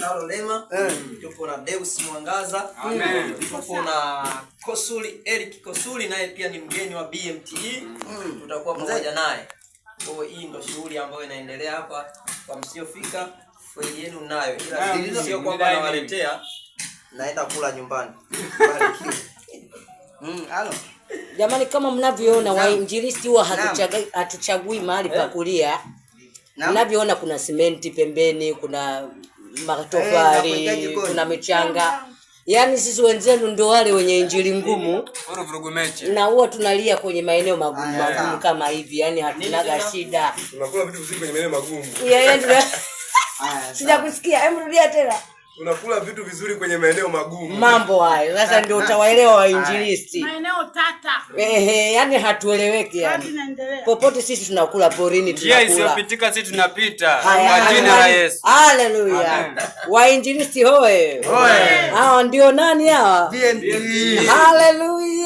nalo lema eh. tupo na Deus Mwangaza, tupo na Kosuli Eric Kosuli, naye pia ni mgeni wa BMTE, mm. tutakuwa pamoja naye. Kwa hiyo hii ndio shughuli ambayo inaendelea hapa, kwa msiofika kweli yenu nayo, ila sio kwamba nawaletea, naenda kula nyumbani. Mm, halo. Jamani, kama mnavyoona wainjilisti huwa hatuchagui mahali pa eh. kulia. Mnavyoona kuna simenti pembeni, kuna matofali hey, kuna michanga yaani sisi wenzenu ndio wale wenye injili ngumu na huwa tunalia kwenye maeneo magumu magumu kama hivi, yaani hatunaga shida. Tunakula vitu vizuri kwenye maeneo magumu. Yaani, sijakusikia, hebu rudia tena unakula vitu vizuri kwenye maeneo magumu. Mambo hayo sasa ndio utawaelewa wainjilisti, maeneo tata. Ehe, yani hatueleweki yani. Popote sisi tunakula porini, tunakula yes, isiyopitika sisi tunapita kwa jina la Yesu. Haleluya, wainjilisti hoe, hoe. Hao ndio nani hawa? Haleluya.